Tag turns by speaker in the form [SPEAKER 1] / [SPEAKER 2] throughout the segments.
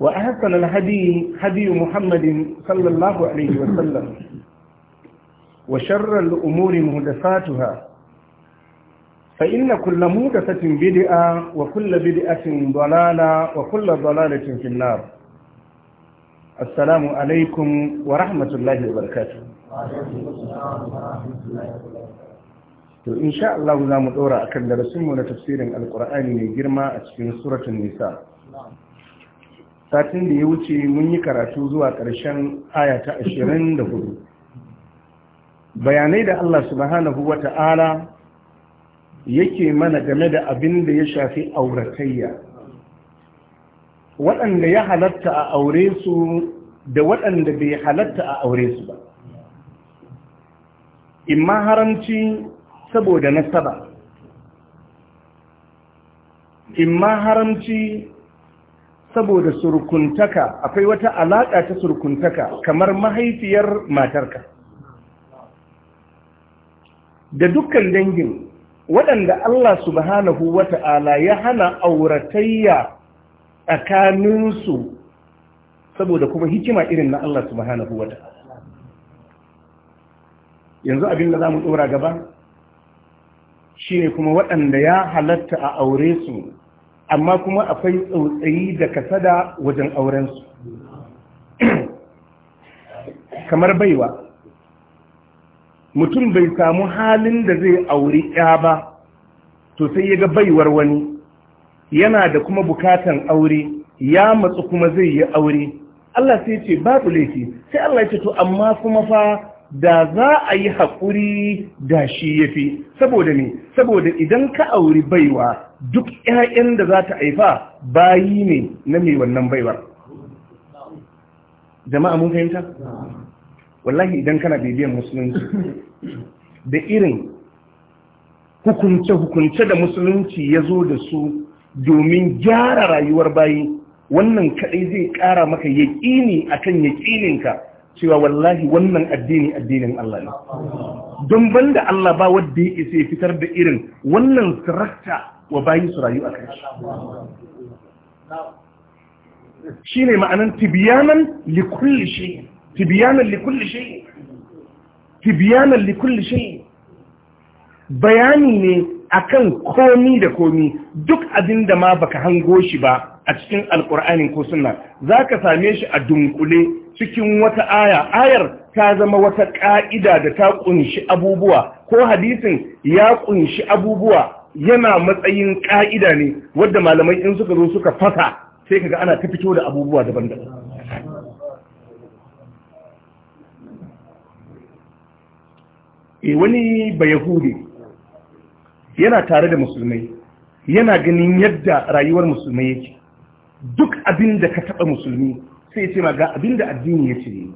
[SPEAKER 1] وأحسن الهدي هدي محمد صلى الله عليه وسلم وشر الأمور مهدفاتها فإن كل مهدفة بدئة وكل بدئة ضلالة وكل ضلالة في النار السلام عليكم ورحمة الله وبركاته to insha Allah za mu dora akan darasinmu na tafsirin alkur'ani mai girma a cikin suratul nisa satin da ya wuce mun yi karatu zuwa ƙarshen aya ta hudu. bayanai da Allah subhanahu wa ta'ala yake mana game da abin da ya shafi auratayya waɗanda ya halatta a aure su da waɗanda bai halatta a aure su ba in haramci saboda nasaba in haramci saboda surkuntaka akwai wata alaƙa ta surkuntaka kamar mahaifiyar matarka da dukkan dangin waɗanda Allah subhanahu wata'ala ya hana auratayya tsakaninsu saboda kuma hikima irin na Allah subhanahu wata'ala yanzu abin da za mu tsora gaba shine kuma waɗanda ya halatta a aure su amma kuma akwai tsautsayi da kasada wajen aurensu kamar baiwa mutum bai samu halin da zai auri ya ba to sai ya ga baiwar wani yana da kuma bukatan aure ya matsu kuma zai yi aure Allah sai ce babu laifi sai Allah ya ce to amma kuma fa da za a yi haƙuri da shi ya fi saboda ne saboda idan ka auri baiwa duk 'ya'yan da za ta haifa bayi ne na mai wannan baiwar jama'a mun fahimta wallahi idan kana bibiyan musulunci da irin hukunce-hukunce da musulunci ya zo da su domin gyara rayuwar bayi wannan kaɗai zai ƙara maka yaƙini akan yaƙininka cewa wallahi wannan addini addinin Allah ne don banda Allah ba wadda ya isa fitar da irin wannan sirakta wa bayi su rayu a kai shi ne ma'anan tibiyanan likulli shi tibiyanan likulli shi tibiyanan likulli shi bayani ne akan komi da komi duk abin da ma baka hango shi ba a cikin alkur'ani ko sunna zaka same shi a dunkule cikin wata aya ayar ta zama wata ƙa'ida da ta ƙunshi abubuwa ko hadisin ya ƙunshi abubuwa yana matsayin ƙa'ida ne wadda malamai in suka zo suka fasa sai kaga ana ta fito da abubuwa daban-daban e wani bayahudi yana tare da musulmai yana ganin yadda rayuwar musulmai yake duk abin da ka taɓa musulmi sai ce ga abin da addini ya ce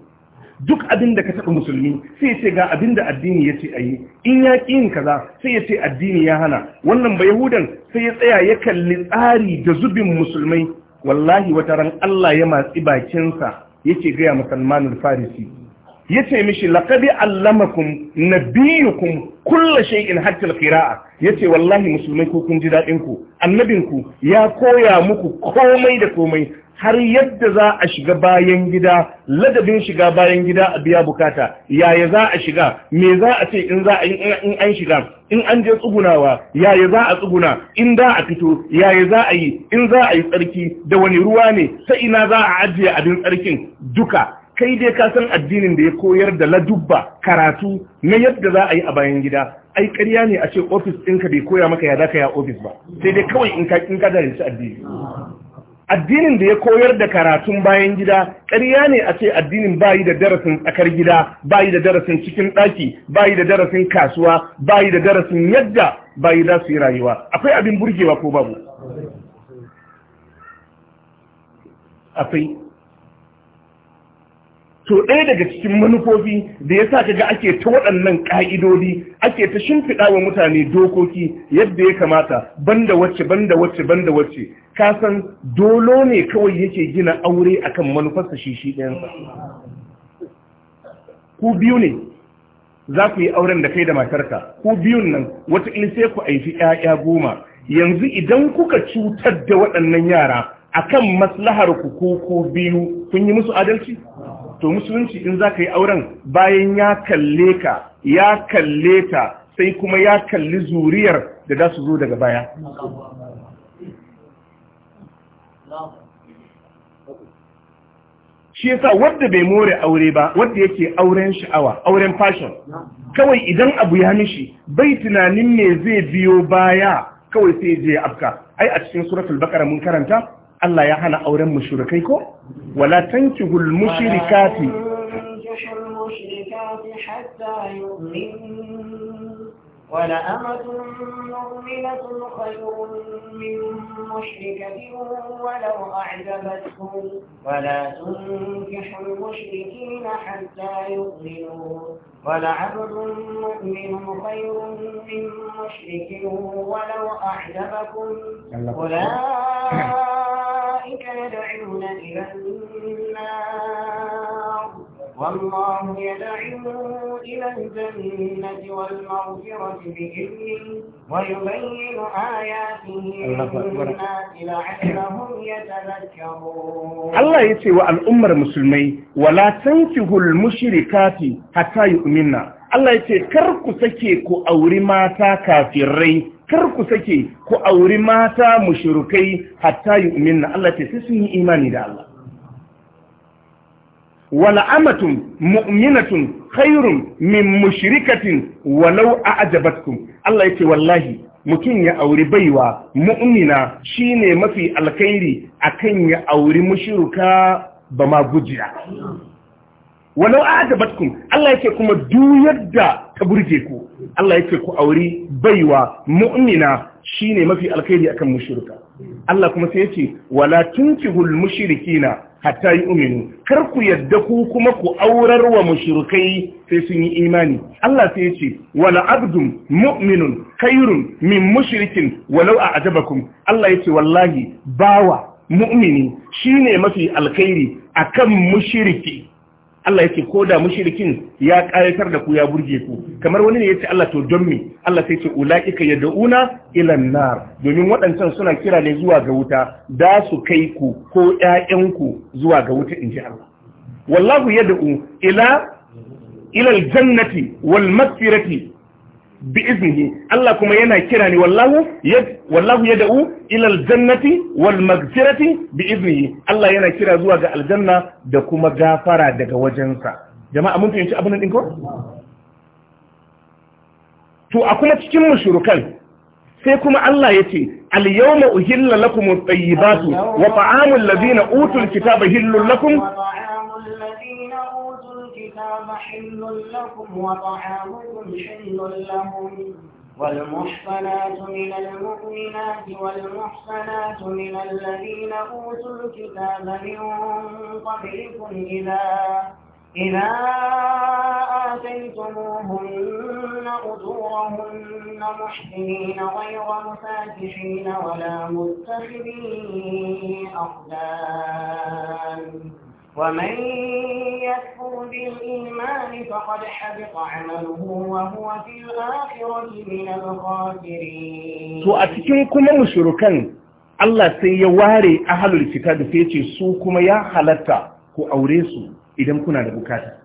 [SPEAKER 1] duk abin da ka taɓa musulmi sai ce ga abin da addini ya ce a yi in ya ƙi yin kaza sai ya ce addini ya hana wannan ba yahudan sai ya tsaya ya kalli tsari da zubin musulmai wallahi wata ran Allah ya matsi bakinsa yake gaya musulmanin farisi ya ce mishi laƙabi allamakum nabiyukum kulla shay'in hatta kira'a. Ya yace wallahi musulmai ko kun ji dadin ku annabinku ya koya muku komai da komai har yadda za a shiga bayan gida ladabin shiga bayan gida a biya bukata yaya za a shiga me za a ce in za in an shiga in an je tsugunawa yaya za a tsuguna in da a fito yaya za a yi in za a yi tsarki da wani ruwa ne ta ina za a ajiye abin tsarkin duka kai dai ka san addinin da ya koyar da ladubba karatu na yadda za a yi a bayan gida ai ƙarya ne a ce ofis ɗinka bai koya maka ya daka ya ofis ba sai dai kawai in ka in ka addini addinin da ya koyar da karatun bayan gida ƙarya ne a ce addinin bayi da darasin tsakar gida bayi da darasin cikin ɗaki bayi da darasin kasuwa bayi da darasin yadda bayi za su yi rayuwa akwai abin burgewa ko babu akwai to ɗaya daga cikin manufofi da ya sa ka ga ake ta waɗannan ƙa'idodi ake ta shimfiɗa wa mutane dokoki yadda ya kamata banda wacce banda wacce banda wacce ka san dolo ne kawai yake gina aure akan manufarsa shi shi ɗayansa ku biyu ne za ku yi auren da kai da matarka ku biyun nan wata sai ku haifi 'ya'ya goma yanzu idan kuka cutar da waɗannan yara akan maslahar ku ko biyu kun yi musu adalci to musulunci in za ka yi auren bayan ya kalle ka ya kalle ta sai kuma ya kalli zuriyar da za su zo daga baya shi yasa wanda bai more aure ba wanda yake auren sha'awa auren fashion kawai idan abu ya mishi bai tunanin ne zai biyo baya kawai sai je afka ai a cikin suratul bakara mun karanta Allah ya hana auren mushrikai ko wala tankihul mushrikati
[SPEAKER 2] مؤمنة خير من ولو أعجبتكم ولا تنكحوا المشركين حتى يؤمنوا ولعبد مؤمن خير من مشرك ولو أعجبكم أولئك أولئك يدعون إلى النار والله يدعو إلى الجنة والمغفرة بإذنه ويبين آياته للناس لعلهم يتذكرون الله يتوى
[SPEAKER 1] الأمة المسلمين ولا تنكه المشركات حتى يؤمننا Allah ya ce, Kar ku sake ku auri mata kafirai kar ku sake ku auri mata mushrikai hatta yu'minna Allah ta sun yi imani da Allah wala amatun mu'minatun khairun min mushrikatin walau a'jabatkum Allah ce wallahi mutum ya auri baiwa mu'mina shine mafi alkhairi akan ya auri mushruka ba ma gujiya walau a'jabatkum Allah yake kuma duk yadda ta burge ku Allah yake ku auri baiwa mu'mina shine mafi alkhairi akan mushrika Allah kuma sai yace wala tunkihul mushrikina hatta yu'minu kar ku yadda ku kuma ku aurar wa mushrikai sai sun yi imani Allah sai yace wala abdun mu'minun khairun min mushrikin walau a'jabakum Allah yace wallahi bawa mu'mini shine mafi alkhairi akan mushriki Allah yake ko da mushrikin ya ƙayatar da ku ya burge ku kamar wani ne yace Allah to don me Allah sai ce ulaika yad'una ila nar domin waɗancan suna kira ne zuwa ga wuta da su kai ku ko ƴaƴan zuwa ga wuta inji Allah wallahu yad'u ila ila aljannati wal maghfirati bi iznihi Allah kuma yana kira ne wallahu yad'u wallahu yad'u ilal jannati wal magfirati bi iznihi Allah yana kira zuwa ga aljanna da kuma gafara daga wajensa jama'a mun fahimci abin din ko to a kuma cikin mushrikan sai kuma Allah ya ce al-yawma uhilla lakum at-tayyibatu wa ta'amul ladina utul kitaba hillul lakum
[SPEAKER 2] والمحصنات من المؤمنات والمحصنات من الذين أوتوا الكتاب من قبلكم إذا إذا آتيتموهن أجورهن محسنين غير مفاتحين ولا متخذي أخدان ومن يكفر بالإيمان فقد حبط عمله وهو في الآخرة من الخاسرين to a
[SPEAKER 1] cikin kuma mushrikan Allah sai ya ware ahlul kitab sai ce su kuma ya halatta ku aure su idan kuna da bukata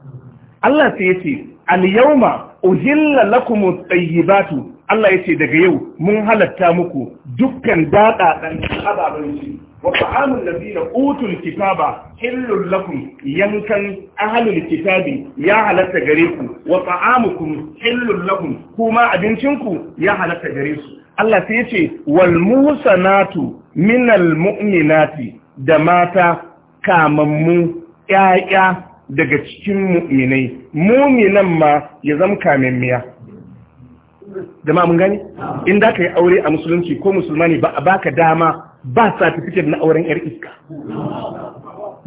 [SPEAKER 1] Allah sai ya ce al-yawma uhilla lakum Allah ya ce daga yau mun halatta muku dukkan dada dan ababen wa ta'amul ladina kitaba hillul yankan ahlul kitabi ya halatta gare ku wa ta'amukum hillul lakum kuma ya halatta gare su Allah sai yace wal musanatu minal mu'minati da mata kamammu ƴaƴa daga cikin mu'minai mu'minan ma ya zama kamammiya da ma mun gani in da ka yi aure a musulunci ko musulmani ba a baka dama ba certificate na auren yar iska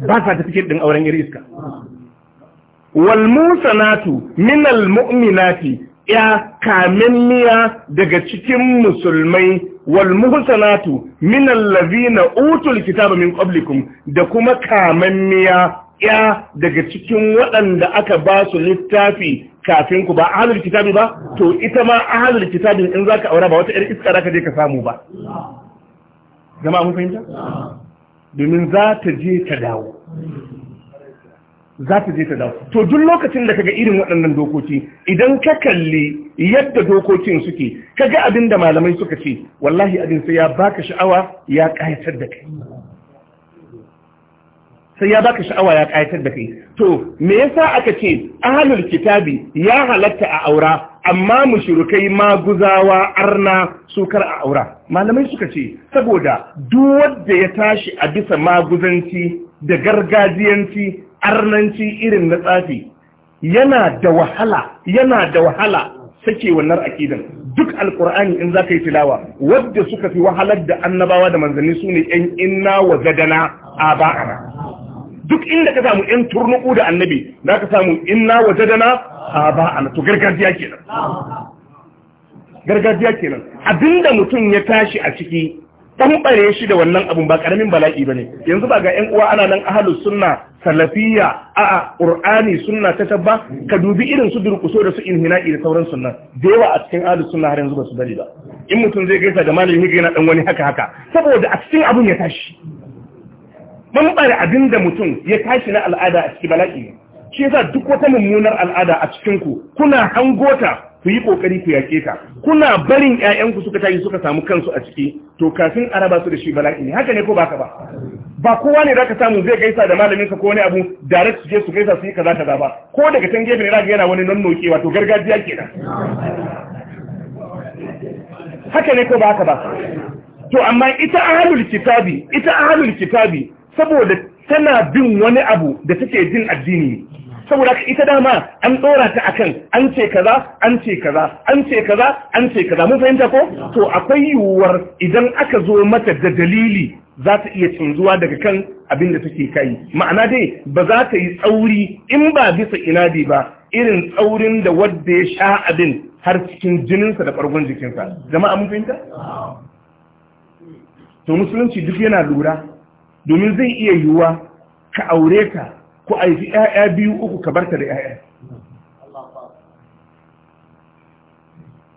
[SPEAKER 1] ba din auren yar iska wal musanatu min al mu'minati ya kamanniya daga cikin musulmai wal muhsanatu min allazina utul kitaba min qablikum da kuma kamanniya ya daga cikin waɗanda aka ba su littafi kafin ku ba ahlul kitabi ba to ita ma ahlul kitabin in zaka aura ba wata 'yar iska zaka je ka samu ba Gama mun fahimta domin za ta je ta dawo za ta je ta dawo to duk lokacin da kaga irin waɗannan dokoki idan ka kalli yadda dokokin suke kaga abin da malamai suka ce wallahi abin sai ya baka sha'awa ya ƙayatar da kai sai ya baka sha'awa ya ƙayatar da kai to me yasa aka ce ahlul kitabi ya halatta a aura amma mushrikai maguzawa arna su kar a aura malamai suka ce saboda duk wanda ya tashi a bisa maguzanci da gargajiyanci arnanci irin na tsafi yana da wahala yana da wahala sake wannan akidan duk alkur'ani in zaka yi tilawa wadda suka fi wahalar da annabawa da manzanni sune yan inna wa gadana aba'ana duk inda ka samu in turnuku da annabi za ka samu inna a ba a to gargajiya kenan gargajiya kenan abinda mutum ya tashi a ciki tambare shi da wannan abun ba karamin bala'i ne. yanzu ba ga ƴan uwa ana nan ahlus sunna salafiyya a ƙur'ani, sunna ta tabba ka dubi irin su durkuso da su inhina'i da sauran sunna da yawa a cikin ahlus sunna har yanzu ba su bari ba in mutum zai gaisa da malami yana dan wani haka haka saboda a cikin abun ya tashi ɓamɓare abin da mutum ya tashi na al'ada a ciki bala'i ne shi yasa duk wata mummunar al'ada a cikin ku kuna hangota ku yi kokari ku yake ta kuna barin ƴaƴanku suka tashi suka samu kansu a ciki to kafin araba su da shi bala'i ne haka ne ko baka ba ba kowa ne zaka samu zai gaisa da malamin ka ko wani abu direct su je su gaisa su yi kaza kaza ba ko daga can gefe ne zaka yana wani noke wato gargajiya kenan
[SPEAKER 2] haka ne ko baka ba
[SPEAKER 1] to amma ita ahlul kitabi ita ahlul kitabi saboda tana bin wani abu da take jin addini saboda ka ita dama an tsora ta akan an ce kaza an ce kaza an ce kaza an ce kaza mun fahimta ko to akwai yiwuwar idan aka zo mata da dalili za ta iya cinzuwa daga kan abin da take kai ma'ana dai ba za ta yi tsauri in ba bisa inadi ba irin tsaurin da wadda ya sha abin har cikin jininsa da ɓargon jikinsa jama'a mun fahimta to musulunci duk yana lura domin zai iya yiwuwa ka aure ka ku aifi 'ya'ya biyu uku ka barta da 'ya'ya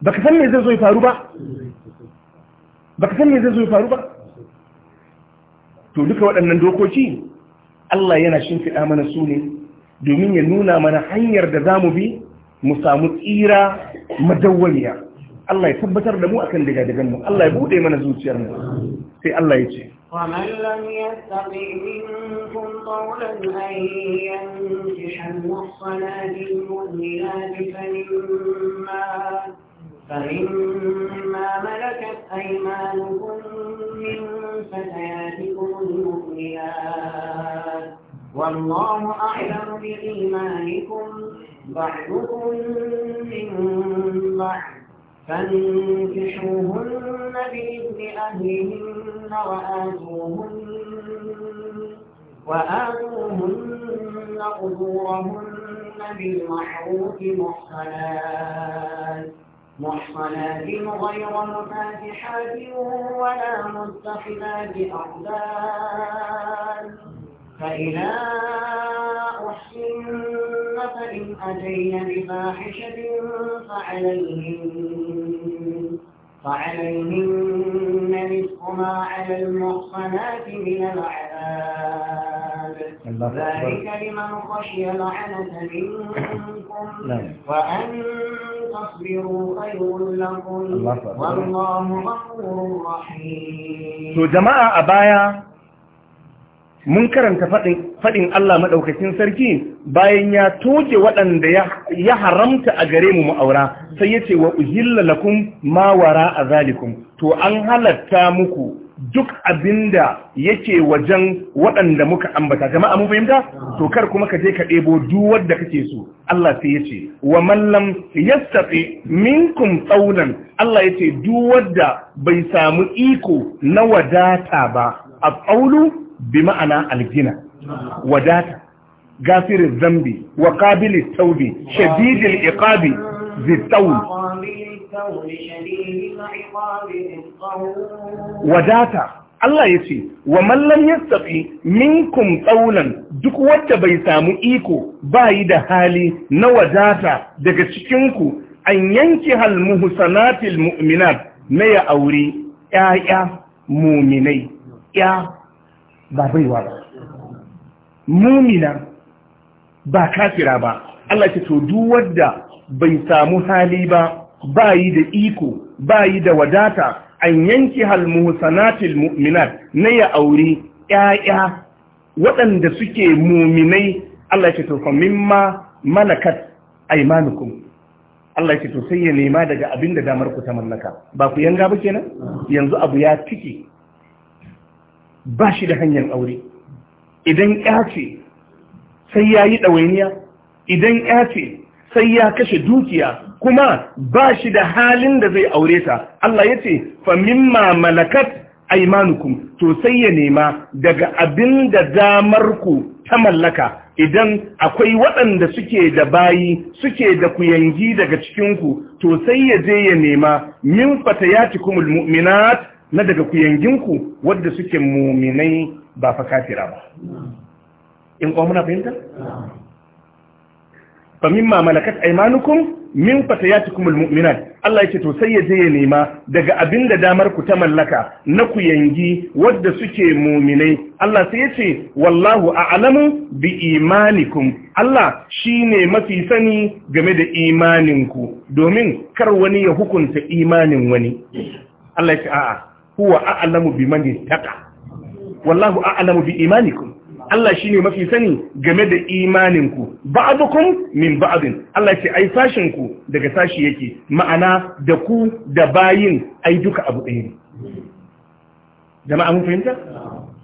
[SPEAKER 1] ba ka san me zai zo ya faru ba ba ka san me zai zo ya faru ba to duka waɗannan dokoki Allah yana shimfiɗa mana su ne domin ya nuna mana hanyar da za mu bi mu samu tsira madawwaliya Allah ya tabbatar da mu akan daga dagan mu Allah ya buɗe mana zuciyar mu sai Allah ya ce ومن
[SPEAKER 2] لم يستطع منكم قولا أن ينجح المحصنات المؤمنات فمما فإما ملكت أيمانكم من فتياتكم المؤمنات والله أعلم بإيمانكم بعضكم من بعض فانكحوهن بإذن أهلهن وآتوهن وآتوهن أجورهن بالمحروف محصنات محصنات غير مفاتحات ولا متخذات أخدان فإذا أحسن فإن أتين بفاحشة فعليهن فعليهن نصف ما على المحصنات من العذاب ذلك لمن خشي لعنة منكم نعم. وأن تصبروا خير لكم والله غفور رحيم.
[SPEAKER 1] جماعة أبايا mun karanta faɗin Allah maɗaukacin sarki bayan ya toke waɗanda ya haramta a gare mu ma'aura sai ya ce wa uhilla ma wara a zalikum to an halatta muku duk abinda yake wajen waɗanda muka ambata jama'a mu fahimta to kar kuma ka je ka ɗebo duk wanda kake so Allah sai ya ce wa man minkun minkum tsaunan Allah ya ce duk wanda bai samu iko na wadata ba a tsaulu bi ma'ana algina wadata gafirin zambi wa ƙabili taubi shadidil iqabi zittaun
[SPEAKER 2] wadata
[SPEAKER 1] Allah ya ce wa mallan ya tsafi minkum tsaunan duk wanda bai samu iko bayi da hali na wadata daga cikinku an yanki halmuhusanatil mu'minat na ya auri ‘ya'ya muminai, ‘ya ba baiwa ba mumina ba kafira ba Allah ce to duk wanda bai samu hali ba bayi da iko bayi da wadata an yanki hal muhsanatil mu'minat na ya aure 'ya'ya waɗanda suke muminai Allah ce to fa mimma malakat aymanukum Allah ce to sai ya nema daga abinda damar ku ta mallaka ba ku yanga ba kenan yanzu abu ya tike ba shi da hanyar aure idan ya ce sai ya yi ɗawainiya idan ya ce sai ya kashe dukiya kuma ba shi da halin da zai aure ta Allah ya ce famimma malakat aimanukum to sai ya nema daga abin da damarku ta mallaka idan akwai waɗanda suke da bayi suke da ku kuyangi daga cikinku to sai ya je ya nema min fata ya kumul mu'minat na daga kuyanginku wadda suke muminai ba fa kafira ba in kuma muna fahimta fa mimma malakat aymanukum min fatayatikum almu'minat Allah yake to sai ya ya nema daga abinda damar ku ta mallaka na ku yangi wadda suke muminai Allah sai yace wallahu a'lamu bi imanikum Allah shine mafi sani game da imaninku domin kar wani ya hukunta imanin wani Allah ya ce a'a huwa a'lamu biman yattaqa wallahu a'lamu bi imanikum Allah shine mafi sani game da imaninku ba'dukum min ba'din Allah ce ai sashin ku daga sashi yake ma'ana da ku da bayin ai duka abu ɗaya ne jama'a mun fahimta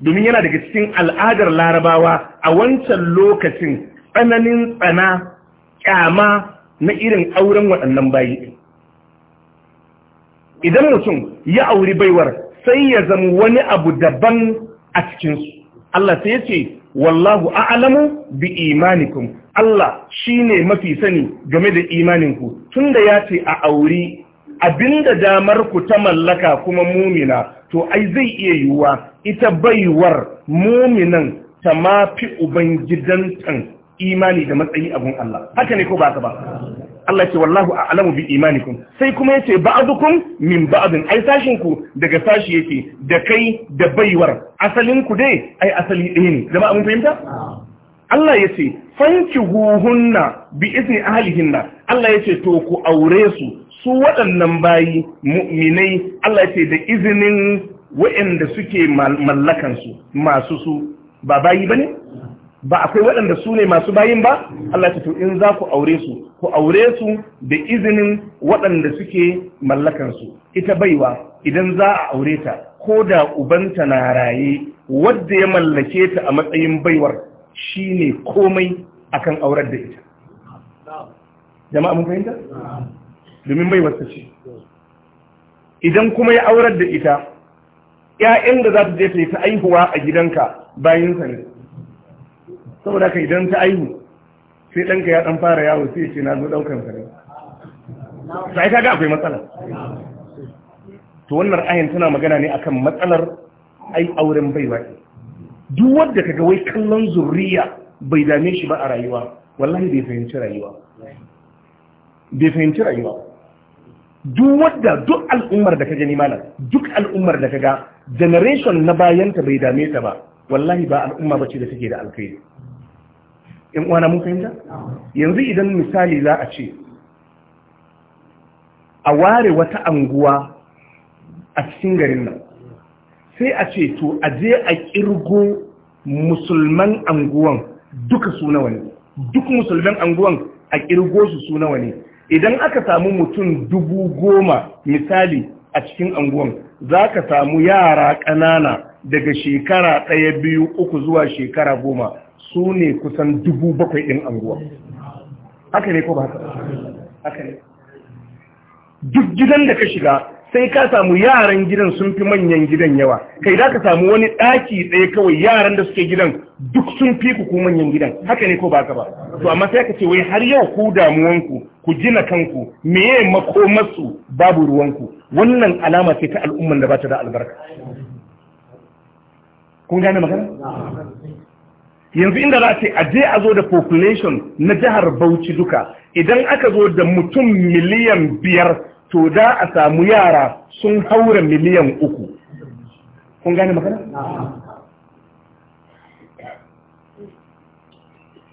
[SPEAKER 1] domin yana daga cikin al'adar larabawa a wancan lokacin tsananin tsana kyama na irin auren waɗannan bayi idan mutum ya auri baiwar sai ya zama wani abu daban a cikinsu Allah sai ya ce wallahu a'lamu bi imanikum Allah shine mafi sani game da imaninku tunda ya ce a auri abinda damar ku ta mallaka kuma mumina to ai zai iya yiwuwa ita baiwar muminan ta mafi ubangidantan imani da matsayi abun Allah haka ne ko ba ka ba Allah ce wallahu a'lamu bi imanikum sai kuma yace ba'dukum min ba'din ai sashin ku daga sashi yake da kai da baiwar asalin ku dai ai asali ɗaya ne zama mun fahimta Allah yace huhunna bi izni ahlihinna Allah yace to ku aure su su waɗannan bayi mu'minai Allah yace da izinin waɗanda suke mallakan su masu su ba bayi bane ba akwai waɗanda su ne masu bayin ba Allah ta to in za ku aure su ku aure su da izinin waɗanda suke mallakansu ita baiwa idan za a aure ta ko da ubanta na raye wadda ya mallake ta a matsayin baiwar shine komai akan aurar da ita jama'a mun fahimta domin baiwar ta ce idan kuma ya aurar da ita 'ya'yan da za ta je ta yi ta aihuwa a gidanka bayan sa ne saboda ka idan ta aihu sai ɗanka ya ɗan fara yawo sai ce na zo ɗaukan kare
[SPEAKER 2] sai ta ga akwai matsala
[SPEAKER 1] to wannan ayin tana magana ne akan matsalar ai auren baiwa duk wanda kaga wai kallon zurriya bai dame shi ba a rayuwa wallahi bai fahimci rayuwa bai fahimci rayuwa duk wanda duk al'ummar da ka gani malam duk al'ummar da ka ga generation na bayanta bai dame ta ba wallahi ba al'umma bace da take da alkhairi in uwana mun fahimta yanzu idan misali za a ce a ware wata anguwa a cikin garin nan sai a ce to a je a ƙirgo musulman anguwan duka su wani duk musulman anguwan a ƙirgo su su nawa ne idan aka samu mutum dubu goma misali a cikin anguwan za ka samu yara ƙanana daga shekara ɗaya biyu uku zuwa shekara goma su ne kusan dubu bakwai ɗin anguwa haka ne ko ba haka ne duk gidan da ka shiga sai ka samu yaran gidan sun fi manyan gidan yawa kai za ka samu wani ɗaki ɗaya kawai yaran da suke gidan duk sun fi ku manyan gidan haka ne ko ba haka ba to amma sai ka ce wai har yau ku damuwanku ku gina kanku meye makomarsu babu ruwanku wannan alama ce ta al'umman da ba ta da albarka kun gane magana yanzu inda za a ce a je a zo da population na jihar Bauchi duka idan aka zo da mutum miliyan biyar to da a samu yara sun haura miliyan uku kun gane magana?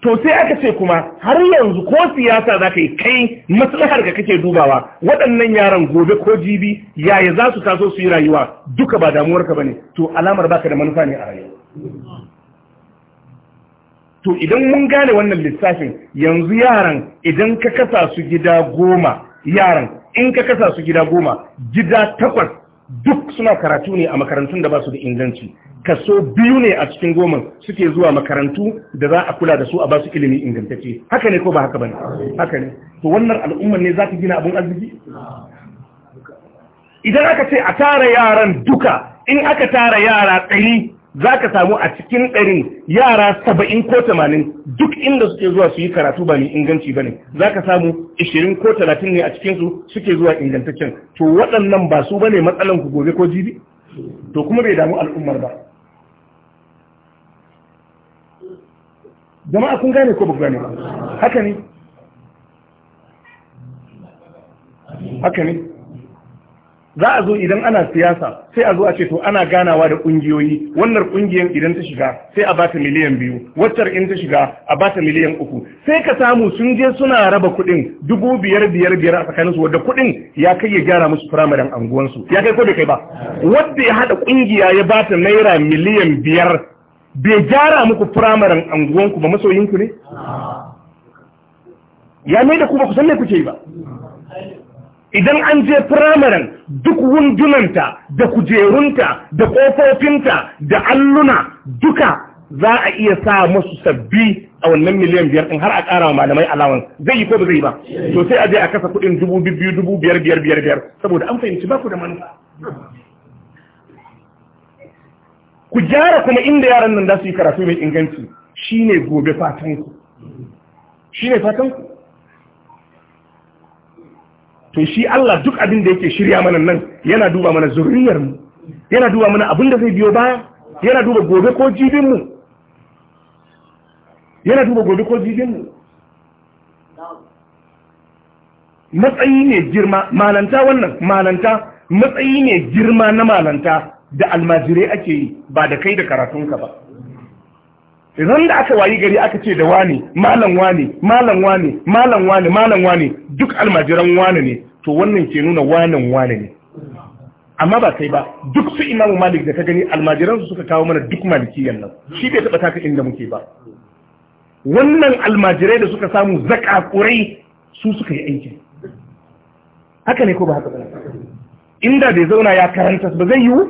[SPEAKER 1] to sai aka ce kuma har yanzu ko siyasa za ka yi kai maslahar ka kake dubawa waɗannan yaran gobe ko jibi yaya za su taso su yi rayuwa duka ba damuwarka ba ne to alamar baka da manufa ne a
[SPEAKER 2] rayuwa
[SPEAKER 1] to idan mun gane wannan lissafin yanzu yaran idan ka kasa su gida goma yaran in ka kasa su gida goma gida takwas duk suna karatu ne a makarantun da ba su da inganci kaso biyu ne a cikin goma suke zuwa makarantu da za a kula da su a ba su ilimi ingantacce haka ne ko ba haka ba ne? haka ne to wannan al'ummar ne za ta gina abin arziki idan aka ce a tara yaran duka in aka tara yara ɗari za ka samu a cikin ɗarin yara saba'in ko tamanin duk inda suke zuwa su yi karatu ba mai inganci ba ne za ka samu ishirin ko talatin ne a cikinsu suke zuwa ingantaccen to waɗannan ba su ba ne matsalan ku gobe ko jibi to kuma bai damu al'ummar ba jama'a kun gane ko ba gane ba haka ne haka ne za a zo idan ana siyasa sai a zo a ce to ana ganawa da kungiyoyi wannan kungiyar idan ta shiga sai a bata miliyan biyu waccar in ta shiga a bata miliyan uku sai ka samu sun je suna raba kuɗin dubu biyar biyar biyar a tsakanin su wadda kuɗin ya kai ya gyara musu firamaren anguwansu ya kai ko bai kai ba wadda ya haɗa kungiya ya bata naira miliyan biyar bai gyara muku firamaren anguwanku ba masoyinku ne ya mai da ku ba ku san me kuke yi ba idan an je firamaren duk wundunanta da kujerunta da ƙofofinta da alluna duka za a iya sa masu sabbi a wannan miliyan biyar ɗin har a ƙara wa malamai alawan zai yi ko ba zai ba to sai a je a kasa kuɗin dubu biyu dubu biyar biyar biyar biyar saboda an fahimci ba ku da manufa ku gyara kuma inda yaran nan za su yi karatu mai inganci shine gobe fatanku shine fatanku to shi Allah duk abin da yake shirya mana nan yana duba mana zuriyar mu yana duba mana abin da zai biyo baya yana duba gobe ko jibin mu yana duba gobe ko jibin mu matsayi ne girma malanta wannan malanta matsayi ne girma na malanta da almajirai ake yi ba da kai da karatunka ba idan da aka wayi gari aka ce da wane malam wane malam wane malam wane malam wane duk almajiran wane ne to wannan ke nuna wanan wane ne amma ba kai ba duk su imamu malik da ka gani almajiransu suka kawo mana duk malikiyan nan shi bai taɓa taka inda muke ba wannan almajirai da suka samu kurai su suka yi aikin haka ne ko ba haka ba inda bai zauna ya karanta ba zai yiwu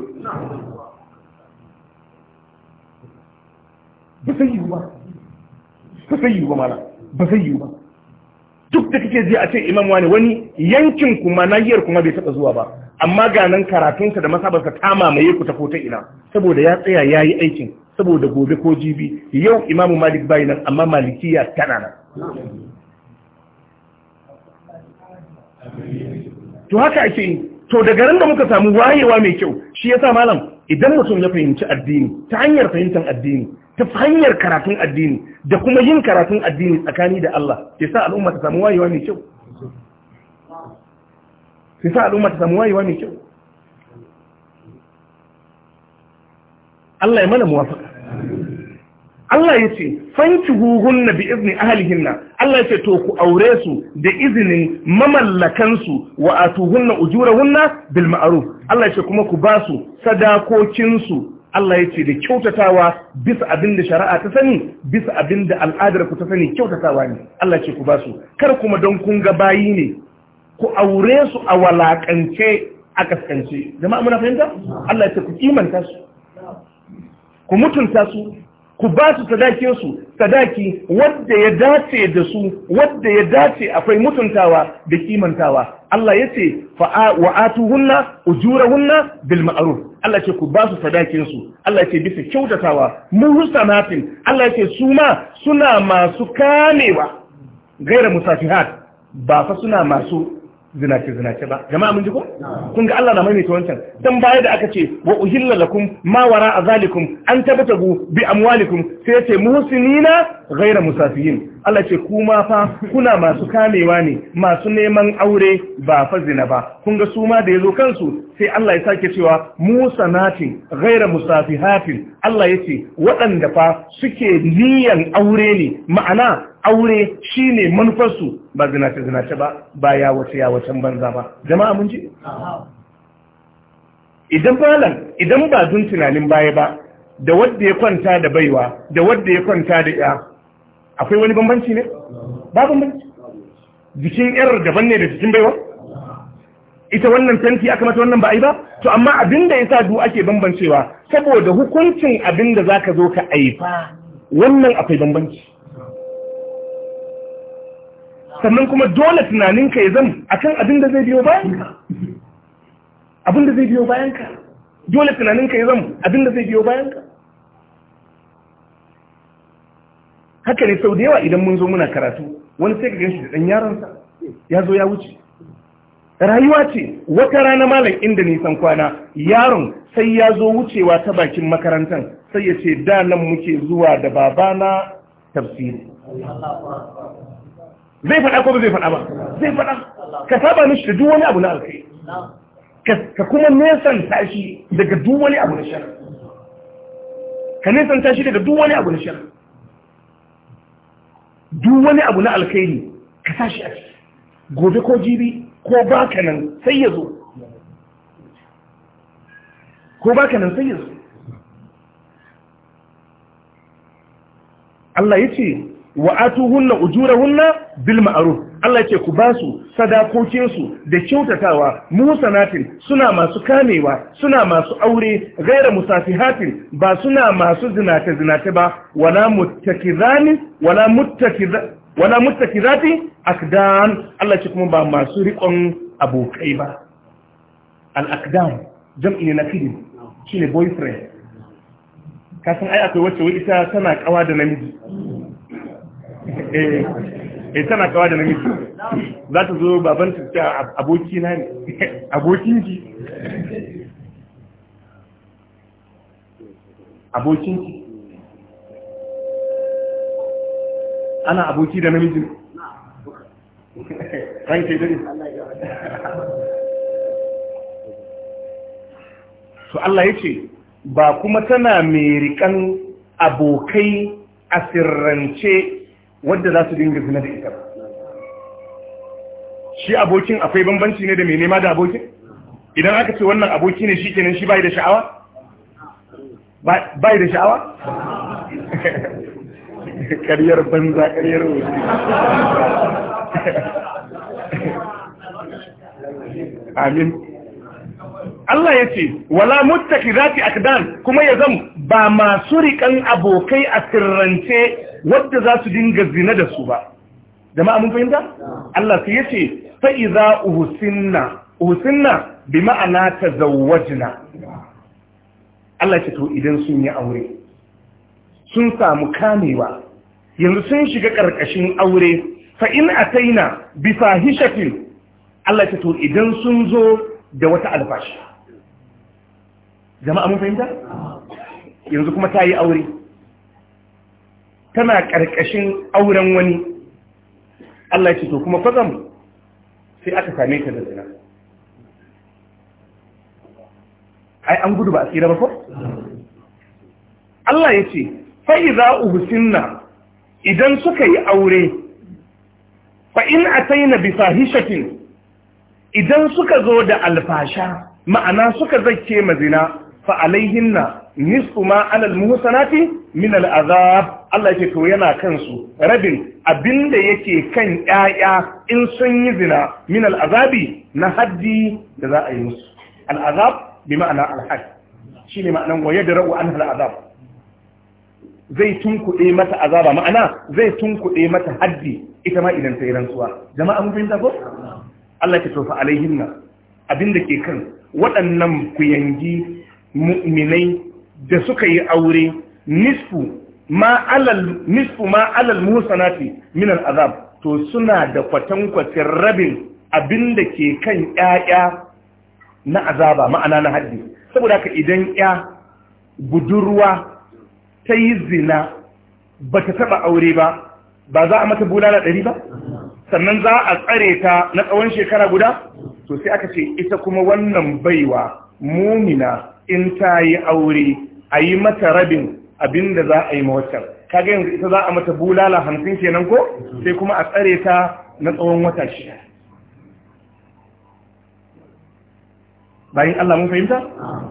[SPEAKER 1] ba zai yiwu ba ba zai yiwu ba ba zai yiwu ba duk da kake ji a ce imam wani wani yankin kuma nahiyar kuma bai taɓa zuwa ba amma ga nan karatunsa da masabarsa ta mamaye ku ta ko ta ina saboda ya tsaya ya yi aikin saboda gobe ko jibi yau imamu malik bai nan amma malikiya tana nan to haka ake yi to daga ran da muka samu wayewa mai kyau shi yasa malam idan mutum ya fahimci addini ta hanyar fahimtar addini ta hanyar karatun addini da kuma yin karatun addini tsakani da Allah ke sa al'umma ta samu wayewa mai kyau ke sa al'umma ta samu wayewa mai kyau Allah ya mana muwafaka Allah ya ce fanki na bi izni na. Allah ya ce to ku aure su da izinin mamallakansu wa na ujura bil bilma'aru. Allah ya ce kuma ku ba su sadakokinsu Allah ya ce da kyautatawa bisa abin da shari'a ta sani bisa abin da al'adar ku ta sani kyautatawa ne Allah ce ku ba su kar kuma don kun ga bayi ne ku aure su a walakance a kaskance jama'a muna fahimta Allah ya ce ku kimanta su ku mutunta su ku ba su sadakinsu sadaki wadda ya dace da su wadda ya dace akwai mutuntawa da kimantawa Allah ya ce hunna ujura hunna bil ma'ruf Allah ce ku ba su sadakinsu Allah ce bisa kyautatawa muhsanatin Allah ce su ma suna masu kamewa gaira musafihat ba fa suna masu zinace zinace ba jama'a mun ji ko kun ga Allah na maimaita wancan dan baya da aka ce wa uhilla lakum ma wara azalikum an tabtagu bi amwalikum sai ya ce muhsinina ghayra musafihin Allah ce kuma fa kuna masu kamewa ne masu neman aure ba fa zina ba kun ga su ma da yazo kansu sai Allah ya sake cewa musanati ghayra musafihatin Allah ya ce waɗanda fa suke niyan aure ne ma'ana aure shine manufarsu ba zinace zinace ba ba ya wace ya wacen banza ba jama'a mun ji idan balan idan ba zun tunanin baya ba da wadda ya kwanta da baiwa da wadda ya kwanta da ya akwai wani bambanci ne ba bambanci jikin yar daban ne da jikin baiwa ita wannan tanti aka mata wannan ba a yi ba to amma abin da ya sa du ake bambancewa saboda hukuncin abin da za ka zo ka aifa wannan akwai bambanci sannan kuma dole tunaninka ya zama kan abin da zai biyo bayanka abin da zai biyo bayanka dole tunaninka ya zama abin da zai biyo bayanka haka ne sau da yawa idan mun zo muna karatu wani sai ka gan shi da ɗan yaransa ya zo ya wuce rayuwa ce wata rana malam inda nisan kwana yaron sai ya zo wucewa ta bakin makarantar sai ya ce da nan muke zuwa da babana tafsiri zai faɗa ko ba zai faɗa ba zai faɗa ka saba mishi da duk wani abu na alkai ka kuma nesan tashi daga duk wani abu na shar ka nesan tashi daga duk wani abu na shar duk wani abu na alkhairi ka tashi a ciki gobe ko jibi ko ba ka nan sai ya zo ko ba ka nan sai ya zo Allah ya ce wa ujura hunna bil ma'ruf Allah yake ku basu sadakokin su da kyautatawa musanatin suna masu kamewa suna masu aure gaira musafihatin ba suna masu zinata zinata ba wala muttakizani wala muttakiza wala muttakizati akdan Allah yake kuma ba masu riƙon abokai ba al akdan jam'i ne na kidin shine boyfriend kasan ai akwai wacce wai ita tana kawa da namiji Eh, eh tana kawa da namiji za ta zo baban ta ce aboki na ne abokin ki abokin ki ana aboki da namiji ranke dare su Allah ya ce ba kuma tana mai rikan abokai a sirrance wadda za su dinga zina da ita shi abokin akwai bambanci ne da mai nema da abokin idan aka ce wannan aboki ne shi kenan shi bai da sha'awa bai da sha'awa Karyar banza karyar wuce amin Allah ya ce wala muttaki zati akdan kuma ya zama ba masu riƙan abokai a sirrance wadda za su dinga zina da su ba jama'a mun fahimta Allah sai yace fa idza uhsinna uhsinna bi ma'ana tazawwajna Allah ce to idan sun yi aure sun samu kamewa yanzu sun shiga karkashin aure fa in ataina bi fahishatin Allah ce to idan sun zo da wata alfashi jama'a mun fahimta yanzu kuma ta yi aure tana ƙarƙashin auren wani Allah ce to kuma fazan sai aka same ta da zina ai an gudu ba a tsira ba ko Allah ya ce fa'iza uhusinna idan suka yi aure fa'in a taina bisa hishafin, idan suka zo da alfasha ma'ana suka zake mazina alaihinna nisfu ma alal muhsanati min al azab Allah yake to yana kansu rabin abinda yake kan 'ya'ya in sun yi zina min al azabi na haddi da za a yi musu al azab bi ma'ana al hadd shine ma'anan wa yadra'u an al azab zai tunkuɗe mata azaba ma'ana zai tunkuɗe mata haddi ita ma idan ta yi rantsuwa jama'a mun fahimta ko Allah ke tofa alaihinna abinda ke kan waɗannan kuyangi mu'minai da suka yi aure nisfu ma alal nisfu ma alal musanati min al azab to suna da kwatankwacin rabin abinda ke kan 'ya'ya na azaba ma'ana na haddi saboda haka idan 'ya, budurwa ta yi zina ba ta taɓa aure ba ba za a mata bulala ɗari ba sannan za a tsare ta na tsawon shekara guda to sai aka ce ita kuma wannan baiwa mumina in ta yi aure a yi mata rabin abin da za a yi mawacar kaga yanzu ita za a mata bulala hamsin kenan ko sai kuma a tsare ta na tsawon wata shida bayan Allah mun fahimta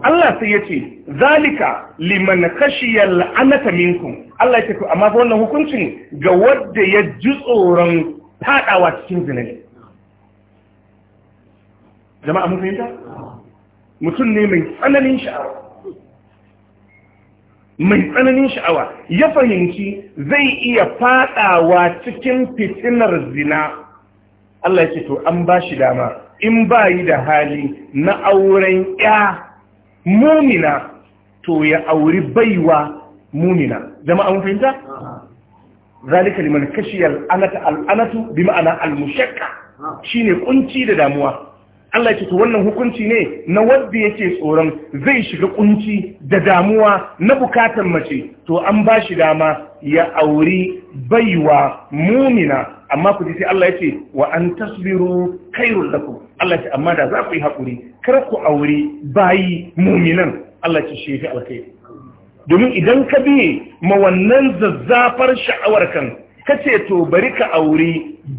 [SPEAKER 1] Allah sai ya ce zalika liman ya la'anata minku. Allah ya ce amma ba wannan hukuncin ga wadda ya ji tsoron faɗawa cikin zinari. jama'a mun fahimta mutum ne mai tsananin sha'awa mai tsananin sha'awa ya fahimci zai iya fadawa cikin fitinar zina Allah ya ce to an ba shi dama in ba yi da hali na auren ya mumina to ya auri baiwa mumina Jama'a mun fahimta? zalika liman kashiyar al'anatu bi ma'ana al-mushakka shine kunci da damuwa Allah ce to wannan hukunci ne na wanda yake tsoron zai shiga kunci da damuwa na bukatar mace to an ba shi dama ya auri baiwa mumina amma ku ji sai Allah ya ce wa an tasbiru khairul lakum Allah ce amma da za ku yi hakuri kar ku auri bayi muminan Allah ce shi fi alkhairi domin idan ka biye ma wannan zazzafar sha'awar kan Ka ce to bari ka aure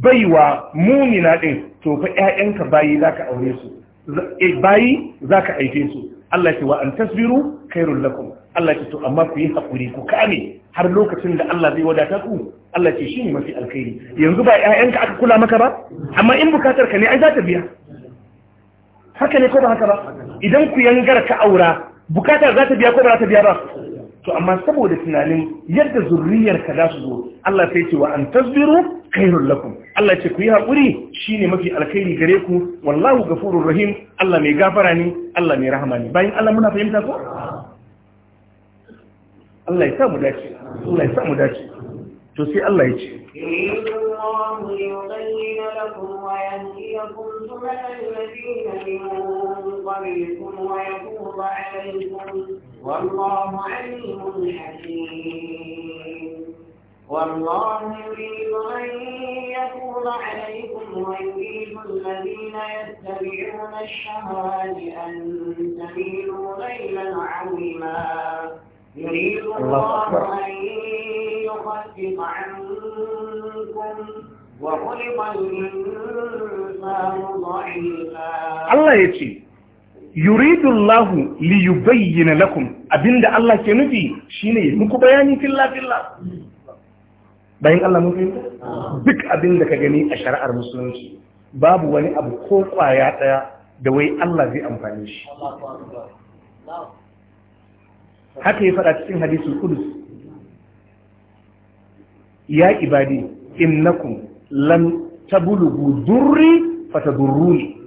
[SPEAKER 1] baiwa mumina din to fa ƴaƴanka bayi za ka aure su eh, bayi za ka aike su Allah ce wa an tasbiru khairul lakum Allah ce to amma ku yi hakuri ku kame har lokacin da Allah zai wadata ku Allah ce shine mafi alkhairi yanzu ba ƴaƴanka aka kula maka ba amma in bukatar ka ne ai za ta biya haka ne ko ba haka ba idan ku yangar ka aura bukata za ta biya ko ba za ta biya ba to amma saboda tunanin yadda zurriyar ka za su zo Allah sai ce wa an tasbiru khairul lakum Allah ce ku yi hakuri shine mafi alkhairi gare ku wallahu ghafurur rahim Allah mai gafara ne Allah mai rahama ne bayan Allah muna fahimta ko Allah ya sa mu dace Allah ya sa mu dace to sai Allah ya ce
[SPEAKER 2] الله يبين لكم ويهديكم سنن الذين من قبلكم ويتوب عليكم والله عليم حكيم والله يريد أن يكون عليكم ويريد الذين يتبعون الشهوات أن تميلوا ليلا عظيما يريد الله أن يخفف عنكم وخلق الإنسان ضعيفا الله
[SPEAKER 1] يجزيك Yuridullahu li yubayyana lakum abinda Allah ke nufi shine ya muku bayani filla filla bayan Allah mun fahimta duk abinda ka gani a shari'ar musulunci babu wani abu ko kwaya daya da wai Allah zai amfani shi haka ya faɗa cikin hadisul qudus ya ibadi innakum lam tablugu durri fatadurruni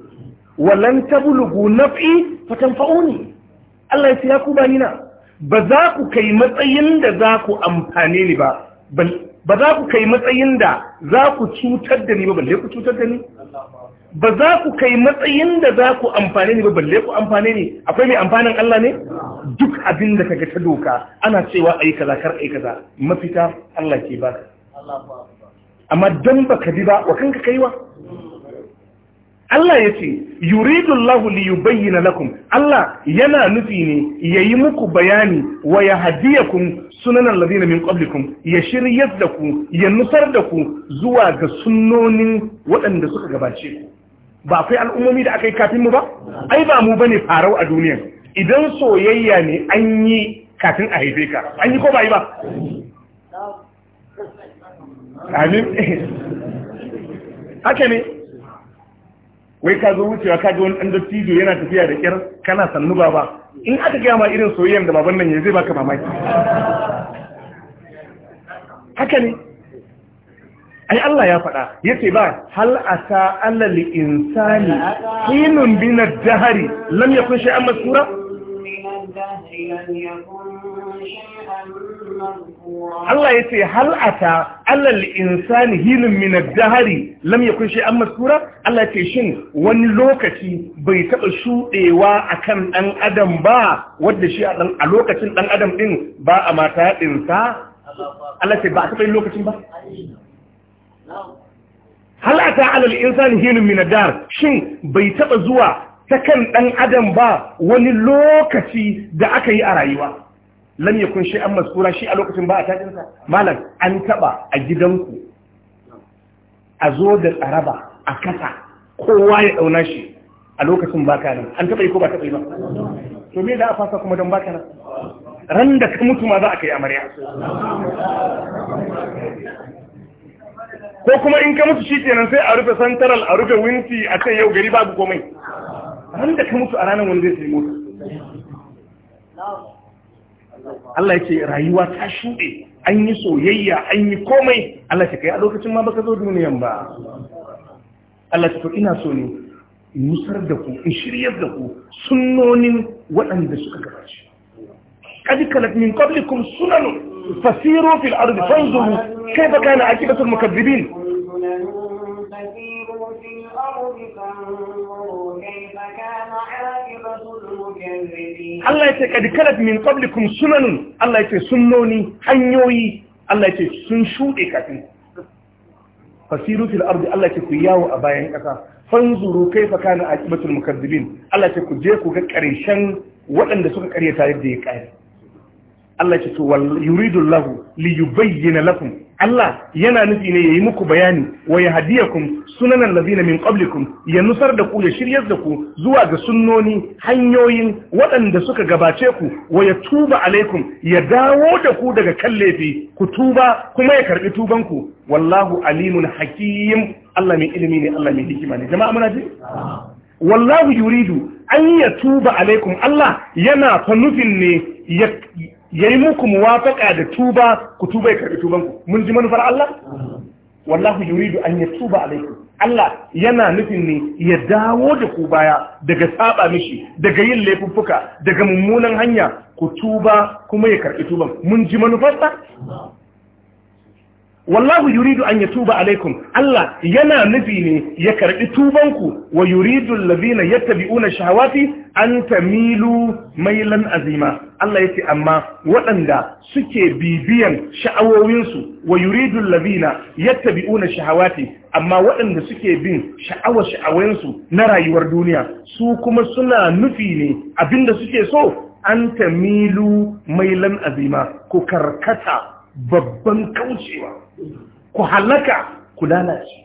[SPEAKER 1] walan tablugu naf'i fatanfa'uni Allah ya ce ya ku ni na ba za ku kai matsayin da za ku amfane ni ba ba za ku kai matsayin da za ku cutar da ni ba balle ku cutar da ni ba za ku kai matsayin da za ku amfane ni ba balle ku amfane ni akwai mai amfanin Allah ne duk abin da kaga ta doka ana cewa ayi kaza kar ayi kaza mafita Allah ke baka amma dan baka bi ba wa kanka kaiwa Allah ya ce, yuridullahu Allah li bayyana lakum, Allah yana nufi ne ya yi muku bayani wa ya kun sunanan allazina min qablikum ya shiryar da ku ya nusar da ku zuwa ga sunonin waɗanda suka gabace ku. Ba akwai al'ummomi da aka yi kafin mu ba? Ai ba mu ba ne farau a duniya. Idan soyayya ne an yi kafin a haife ka, an yi ko ba yi ba? Amin. Haka ne, wai ka zo wucewa ka ga wani ɗan dattijo yana tafiya da kyar kana sannu ba, in aka gaya ma irin soyayyar da baban nan ya zai baka mamaki haka ne ai Allah ya faɗa ya ce ba hal ata alal insani hinun bin ad-dahri lam yakun shay'an mazkura
[SPEAKER 2] Allah ya
[SPEAKER 1] ce hal'ata Allah insani hilin min dahari lam ya kunshi an maskura Allah ce shin wani lokaci bai taɓa shuɗewa a kan ɗan adam ba Wadda shi a lokacin ɗan adam ɗin ba a mata dinsa
[SPEAKER 2] Allah ce ba a taɓa yin lokacin
[SPEAKER 1] ba hal'ata alal insani hilin min dar shin bai taɓa zuwa ta kan ɗan adam ba wani lokaci da aka yi a rayuwa lam yakun an maskura shi a lokacin ba a tajin sa malam an taba a gidanku a zo da tsaraba a kasa kowa ya dauna shi a lokacin baka nan an taba yi ko ba taba yi ba to me da a fasa kuma don baka nan ran da ka mutu ma za a kai amarya ko kuma in ka mutu shi kenan sai a rufe santaral a rufe winti a ce yau gari babu komai ran da ka mutu a ranar wanda zai sai mota Allah ya ce rayuwa ta shuɗe an yi soyayya an yi komai Allah ya kai a lokacin ma baka zo duniyan ba Allah ya to ina so ne in da ku in shiryar da ku sunnonin waɗanda suka gabace قد كانت من قبلكم سنن فسيروا في الأرض فانظروا كيف كان عاقبة المكذبين Allah ya ce kad kalat min qablikum sunan, Allah ya ce sunnoni hanyoyi Allah ya ce sun shuɗe kafin fasiru fil ardi Allah ya ce ku yawo a bayan ƙasa fanzuru kaifa kana aqibatul mukazzibin Allah ya ce ku je ku ga ƙarshen waɗanda suka ƙaryata yadda ya ƙare Allah ya ce to wal yuridu lahu li yubayyana lakum Allah yana nufi ne ya yi muku bayani wa yahdiyakum sunan allazina min qablikum ya nusar da ku ya shiryar da ku zuwa ga sunnoni hanyoyin waɗanda suka gabace ku wa tuba alaikum ya dawo da ku daga kallefi ku tuba kuma ya karɓi tuban ku wallahu alimun hakim Allah mai ilimi ne Allah mai hikima ne jama'a muna ji wallahu yuridu an tuba alaikum Allah yana fa nufin ne ya yayi muku muwafaka da tuba ku tuba ya karbi tubanku, mun ji manufar Allah wallahu yuridu an alaikum Allah yana nufin ne ya dawo da ku baya daga saba mishi daga yin laifuffuka daga mummunan hanya ku tuba kuma ya karbi tuban mun ji manufarsa wallahu yuridu an yatuba alaikum Allah yana nufi ne ya karbi tubanku wa yuridu allazina yattabi'una shahawati an tamilu mailan azima Allah yace amma waɗanda suke bibiyan sha'awoyinsu wa yuridu allazina yattabi'una shahawati amma waɗanda suke bin sha'awa sha'awoyinsu na rayuwar duniya su kuma suna nufi ne abinda suke so an tamilu mailan azima ku karkata babban kaucewa ku halaka ku lalace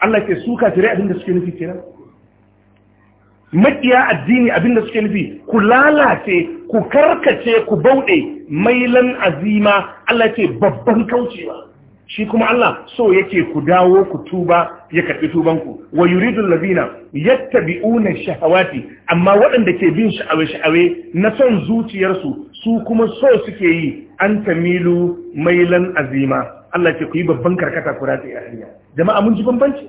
[SPEAKER 1] Allah ke suka tare abinda suke nufi kenan makiya addini abinda suke nufi ku lalace ku karkace ku bauɗe mailan azima Allah ke babban kaucewa shi kuma Allah so yake ku dawo ku tuba ya karɓi tubanku wa Labina, yadda yattabi'una shahawati amma waɗanda ke bin sha'awe sha'awe na son zuciyarsu su kuma so suke yi an tamilu mailan azima Allah ce ku yi babban karkata ku rataya hanya jama'a mun ji bambanci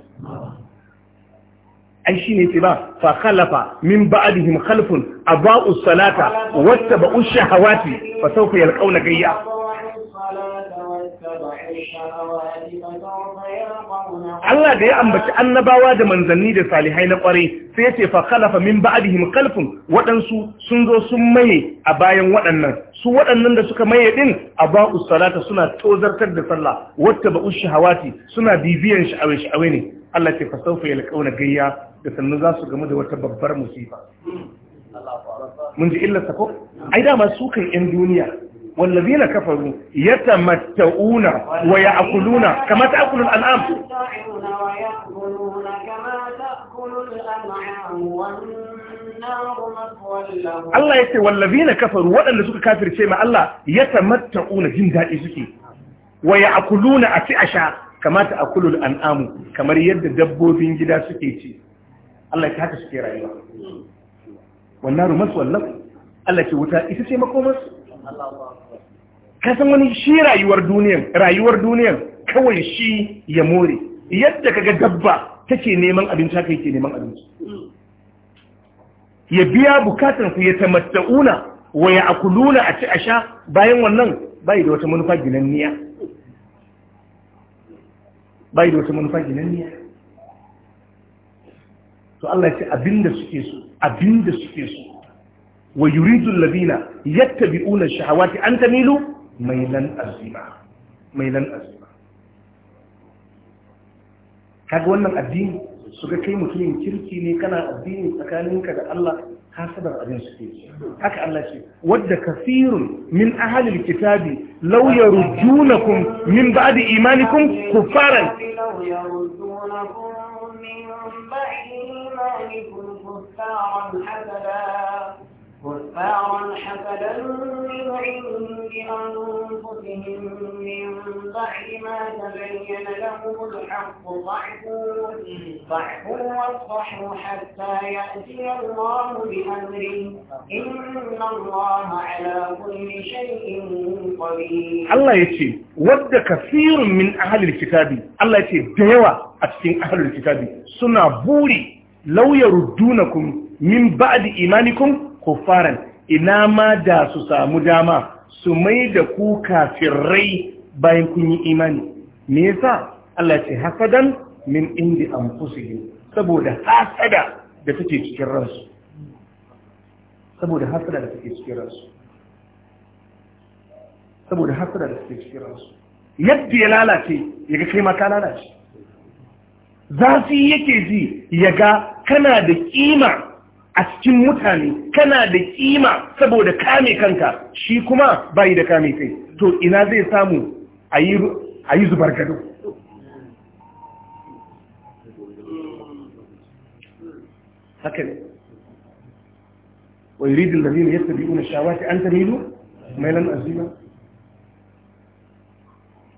[SPEAKER 1] ai shine ce ba fa khalafa min ba'dihim khalfun aba'u salata wattaba'u shahawati fa sawfa yalqawna gayya
[SPEAKER 2] Allah da ya ambaci
[SPEAKER 1] annabawa da manzanni da salihai na kwarai, sai ya ce fa khalafa min ba'dihim khalfun waɗansu sun zo sun maye a bayan waɗannan su waɗannan da suka maye din aba'us salata suna tozartar da sallah wata ba'u shahawati suna bibiyan sha'awe sha'awe ne Allah ce fa sawfa yalqauna gayya da sannu za su gamu da wata babbar musifa
[SPEAKER 2] mun ji illar sako. ai
[SPEAKER 1] ma su kan yan duniya والذين كفروا يتمتعون ويأكلون كما تأكل الأنعام Allah ya ce wallafi na kafaru waɗanda suka kafirce ma Allah ya tamatta'una jin daɗi suke wa ya akuluna a ci a sha kamata a kulul an'amu kamar yadda dabbobin gida suke ci Allah ya ce haka suke rayuwa wannan rumar su Allah ya ce wuta ita ce Ka san wani shi rayuwar duniyan rayuwar duniyan kawai shi ya more yadda kaga dabba take neman abinci haka yake neman abinci ya biya bukatar ku ya tamatta'una wa ya akuluna a ci a sha bayan wannan bai da wata manufa ginanniya bai da wata manufa ginanniya to Allah ya ce abinda suke su abinda suke su wa yuridu alladhina yattabi'una shahawati an tamilu ميلان الزيما ميلان الزيما كاد وانا الدين سوكا كي مكين تركي ني كان الدين سكانين كذا الله حسب الدين سكين هكا الله شيء ود كثير من أهل الكتاب لو يرجونكم من بعد إيمانكم كفارا
[SPEAKER 2] لو يرجونكم من بعد إيمانكم كفارا حسبا كفارا حسدا من عند أنفسهم من بعد ما تبين لهم الحق ضعفوا ضعفوا واصبحوا حتى يأتي الله بأمره إن الله على كل شيء قدير الله
[SPEAKER 1] يتي ود كثير من أهل الكتاب الله يتي ديوة أتكين أهل الكتاب سنة بوري لو يردونكم من بعد إيمانكم kuffaran ina ma da su samu dama su mai da ku kafirai bayan kun yi imani me yasa Allah ce hasadan min indi anfusihim saboda hasada da take cikin ransu saboda hasada da take cikin ransu saboda hasada da take cikin ransu yadda ya lalace ya ga kai ma ka lalace zafi yake ji ya ga kana da kima a cikin mutane kana da kima saboda kame kanka shi kuma bayi da kame kai to ina zai samu a yi zubar gado haka ne wai ridin da zina yadda biyu na shawati an ta nilo lan azima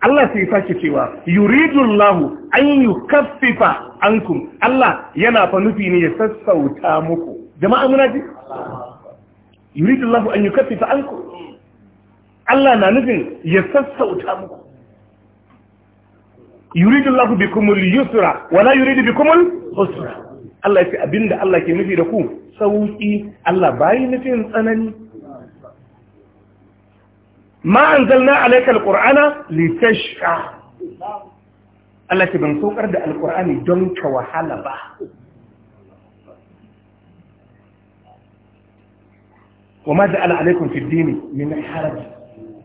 [SPEAKER 1] Allah sai sake cewa yuridullahu an yukaffifa ankum Allah yana fa nufi ne ya sassauta muku jama'a muna ji yuridu Allah an yukaffifa anku Allah na nufin ya sassauta muku yuridu Allah bikumul yusra wala yuridu bikumul usra Allah ya abinda Allah ke nufi da ku sauki Allah bai nufin tsanani ma anzalna alayka alqur'ana litashqa Allah ke ban saukar da alqur'ani don ka wahala ba wa ma ja'ala alaikum fi dini min haraj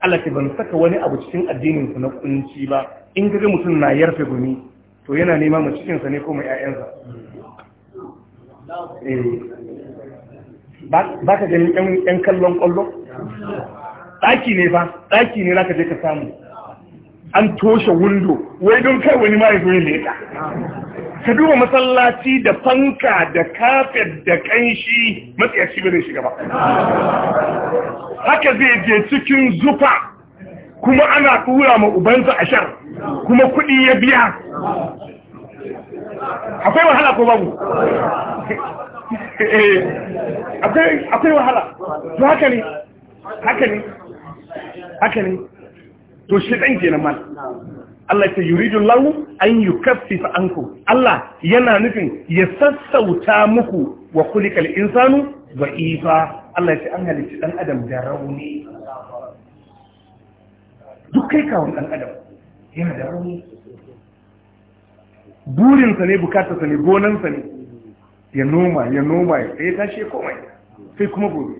[SPEAKER 1] Allah ke ban saka wani abu cikin addinin ku na kunci ba in ga mutum na yarfe gumi to yana nema mu cikin sa ne ko mai ƴaƴansa eh. ba ka ganin ƴan kallon kallo Daki ne fa daki ne zaka je ka samu an toshe window wai don kai wani ma ya zo ya ka duba masallaci da fanka da kafet da kanshi matsayaci bai shiga ba haka zai je cikin zufa kuma ana tura ma ubansa a shan kuma kuɗi ya biya akwai wahala ko babu eh, akwai wahala to haka ne haka ne haka ne to shi ɗan na mana Allah ce yuridu lahu an yukaffifa anku Allah yana nufin ya sassauta muku wa kulikal insanu ifa Allah ce an halicci dan adam da rauni duk kai kawon dan adam yana da rauni burinsa ne bukatarsa ne gonansa ne ya noma ya noma ya tashi komai sai kuma gobe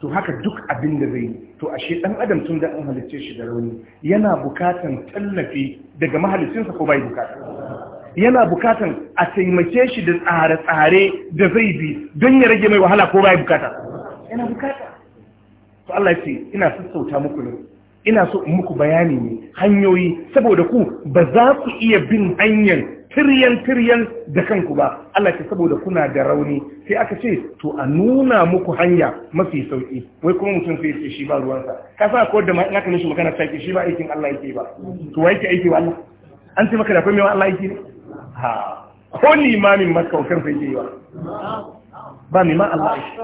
[SPEAKER 1] to haka duk abin da zai yi to ashe ɗan adam tun da an halicce shi da rauni yana bukatan tallafi daga mahalicinsa ko bai bukata yana bukatan a taimake shi da tsare-tsare da zai bi don ya rage mai wahala ko bai bukata yana bukata to Allah ya ce ina sassauta muku ne ina so in muku bayani ne hanyoyi saboda ku ba za ku iya bin hanyar tiryan tiryan da kanku ba Allah ce saboda kuna da rauni sai aka ce to a nuna muku hanya mafi sauki wai kuma mutum sai ce shi ba ruwansa ka sa ko da in aka nishi magana ta shi ba aikin Allah yake ba to wai ke aiki wa Allah an ce maka da akwai mai Allah yake ne ha ko limamin maskaukan sai ke yi wa ba mai ma Allah
[SPEAKER 2] yake